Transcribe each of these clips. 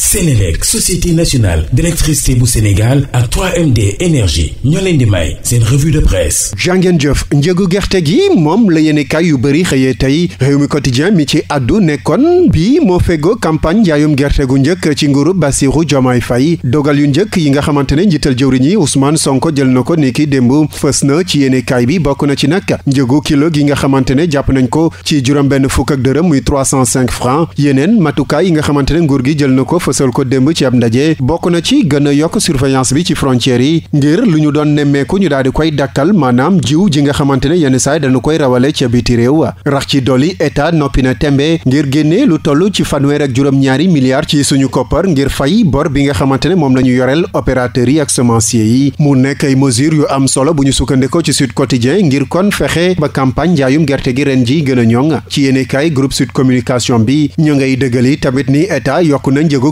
Sénélec société nationale d'électricité bu Sénégal ak 3 énergie ñoo di may seen revue de presse jàngeen jëf njëgu gerte gi moom la yéenekaay yu bëri xëyee tey réew mi quotidien mi ci àddu nekkoon bi moo fegoo campagne njaayum gerte gu njëkk ci nguuru Bassirou Diomaye Faye dogal yu njëkk yi nga xamante ne njiital jëwriñ yi Ousmane Sonko jël na ko niki démb fës na ci yéenekaay bi bokk na ci nag njëgu kilo gi nga xamante ne jàpp nañ ko ci juróom benn fukk ak dërëm muy 305 francs yeneen matukaay yi nga xamante ne nguur gi jël na ko fësal ko démb ci ab ndaje bokk na ci gën a yokk surveillance bi ci frontières yi ngir lu ñu doon nemmeeku ñu daal di koy dakkal maanaam jiw ji nga xamante ne yenn saay dañu koy rawale ca biti réew rax ci dolli état noppi na tembe ngir génne lu toll ci fanweer ak juróom-ñaari milliards ci suñu koppar ngir fay bor bi nga xamante ne moom la ñu yoreel opérateurs yi ak semencier yi mu nekk ay mesures yu am solo bu ñu sukkandikoo ci Sud Quotidien ngir kon fexe ba campagne njaayum gerte gi ren ji gën a ñoŋ ci yéenekaay groupe Sud Communication bi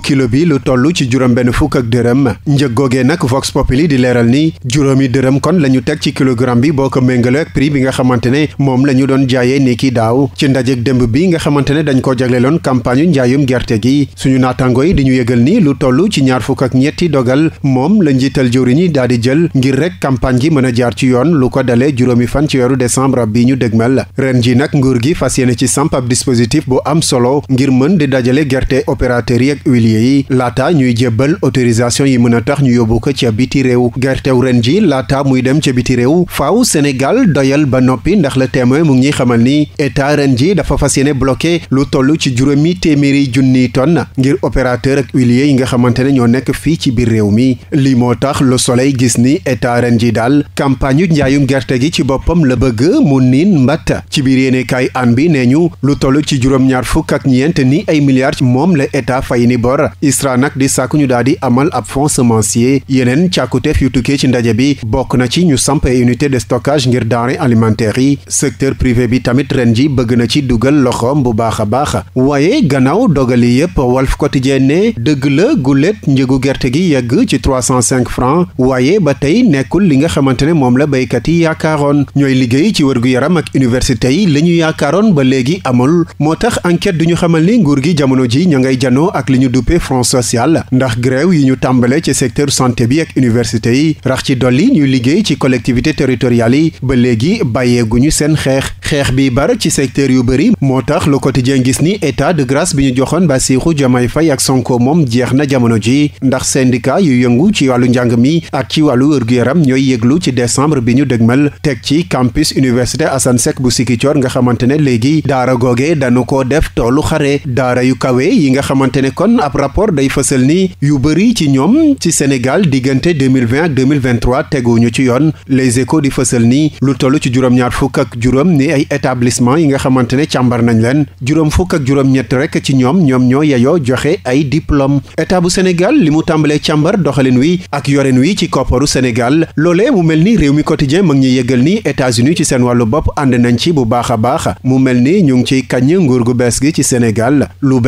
kilo bi lu toll ci juróom benn fukk ak dërëm njëg googee nag Vox Populi di leeral ni juróomi dërëm kon la ñu teg ci kilogramme bi boo ko méngale ak prix bi nga xamante ne moom la ñu doon jaayee ni ki daaw ci ndajeg démb bi nga xamante ne dañ koo jagleeloon campagne yu njaayum gerte gi suñu naataango yi di ñu yëgal ni lu toll ci ñaar fukk ak ñetti dogal moom la njiital jëwriñ yi daal di jël ngir rek campagne gi mën a jaar ci yoon lu ko dalee juróomi fan ci weeru décembre bi ñu dëgmal ren ji nag nguur gi fas yéene ci samp ab dispositif am solo ngir mën di dajale gerte opérateur yi ak particulier yi laata ñuy jébbal autorisation yi mën a tax ñu yóbbu ko ca biti réew gertew ren ji laata muy dem ca biti réew faaw Sénégal doyal ba noppi ndax la témoin mu ngi xamal ni état ren ji dafa fas yéene bloqué lu toll ci juróomi téeméeri junniy tonne ngir opérateur ak huilier yi nga xamante ne ñoo nekk fii ci biir réew mi li moo tax Le Soleil gis ni état ren ji daal campagne njaayum gerte gi ci boppam la bëgg mu niin mbatt ci biir yéene kaay an bi nee ñu lu toll ci juróom-ñaar fukk ak ñeent ni ay milliards moom la état fay ni bor koor ISRA nag di sàkk ñu daal di amal ab fonds semencier yeneen càkkuteef yu tukkee ci ndaje bi bokk na ci ñu samp ay unité de stockage ngir denrée alimentaire yi secteur privé bi tamit ren ji bëgg na ci dugal loxoom bu baax a baax waaye gannaaw dogali yépp Walf Quotidien ne dëgg la guléet njëgu gerte gi yegg ci 305 francs waaye ba tey nekkul li nga xamante ne moom la béykat yi yaakaaroon ñooy liggéey ci wërgu-yaram ak université yi li ñu yaakaaroon ba léegi amul moo tax enquête du ñu xamal ni nguur gi jamono ji ña duppee front social ndax grève yi ñu tàmbale ci secteur santé bi ak université yi rax ci dolli ñu liggéey ci collectivité territoriales yi ba léegi ñu seen xeex xeex bi bar ci secteur yu bëri moo tax le quotidien gis ni état de grâce bi ñu joxoon ba Bassirou Diomaye Faye ak Sonko moom jeex na jamono ji ndax syndicat yu yëngu ci wàllu njàng mi ak ci wàllu wërgu-yaram ñooy yëglu ci décembre bi ñu dëgmal teg ci campus université Assane Seck bu Sikicoor nga xamante ne léegi daara googe dañu ko def toolu ab rapport day fësal nii yu bëri ci ñoom ci Sénégal diggante 2020 ak 2023 teguñu ci yoon les échos di fësal nii lu toll ci juróom-ñaar fukk ak juróom ni ay établissement yi nga xamante ne càmbar nañ leen juróom fukk ak juróom-ñett rek ci ñoom ñoom ñoo yeyoo joxe ay diplôme état bu Sénégal li mu tàmbalee càmbar doxalin wi ak yorin wi ci kopparu Sénégal loole mu mel ni réew mi quotidien mag ñi yëgal ni états uni ci seen wàllu bopp ànd nañ ci bu baax a baax mu mel ni ñu ngi ciy kañ nguur gu bees gi ci Sénégal lu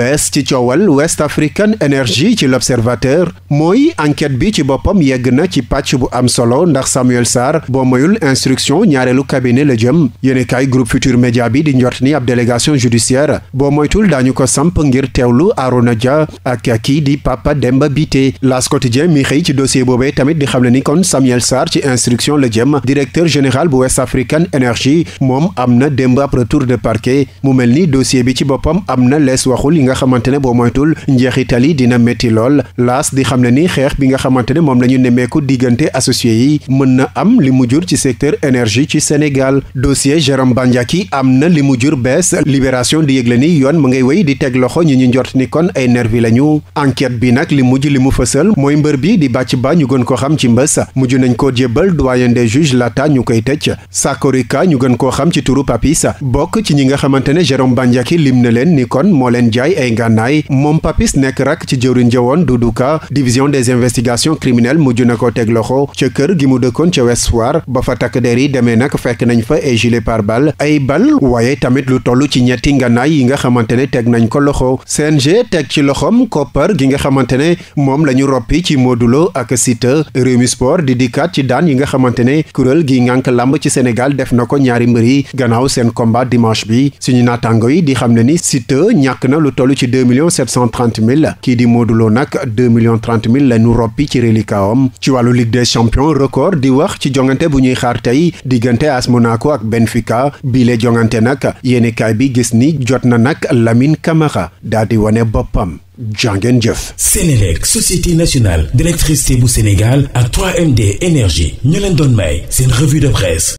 African Energy ci l'observateur mooy enquête bi ci boppam yegg na ci pàcc bu am solo ndax Samuel Sarr boo moyul instruction ñaareelu cabinet la jëm yéenekaay groupe Futur Média bi di njort ni ab délégation judiciaire boo moytul daañu ko samp ngir teewlu Arona Dia ak kii di Papa Demba Bitèye L'As Quotidien mi xëy ci dossier boobee tamit di xam ne ni kon Samuel Sarr ci instruction la jëm directeur général bu West African Energy moom am na démb ab retour de parquet mu mel ni dossier bi ci boppam am na lees waxul yi nga xamante ne boo moytul njeexit Italie dina métti lool laas di xam ne ni xeex bi nga xamante ne moom la ñu nemmeeku diggante associé yi mën na am li mu jur ci secteur énergie ci Sénégal dossier Jérôme Bandiaki am na li mu jur bees libération di yëgle ni yoon mu ngay wéy di teg loxo ñi ñu njot ni kon ay nervi lañu enquête bi nag li mujj li mu fësal mooy mbër bi di bàcc ba ñu gën ko xam ci mbës mujj nañ ko jébbal doyen des juges laata ñu koy tëj Sakorika ñu gën koo xam ci turu Papis bokk ci ñi nga xamante ne Jérôme Bandiaki lim na leen ni kon moo leen jaay ay ngànnaay nekk rak ci jëwriñ jëwoon du Ka division des investigations criminelles mujj na ko teg loxo ca kër gi mu dëkkoon ca West Foire ba fa takk der yi demee nag fekk nañ fa ay gilet pare ay bal waaye tamit lu toll ci ñetti nganaay yi nga xamante ne teg nañ ko loxo seen g teg ci loxoom koppar gi nga xamante ne moom la ñu roppi ci Modou Lo ak Siteu Rewmi Sport di dikkaat ci daan yi nga xamante ne kuréel gi ngànk làmb ci Sénégal def na ko ñaari mbër yi gannaaw seen combat dimanche bi suñu naataango yi di xam ne ni Siteu ñàkk na lu toll ci 2 millions 730 mille kii di Modou Lo nag deux millions trente mille la ñu roppi ci relikaawam ci wàllu Ligue des champions record di wax ci jongante bu ñuy xaar tey diggante AS Monaco ak Benfica bile jongante nag yéenekaay bi gis ni jot na nag Lamine Camara daal di wane boppam jàngeen jëf. Sénélec société nationale d'électricité bu Sénégal ak 3MD énergie ñu leen doon may seen revue de presse.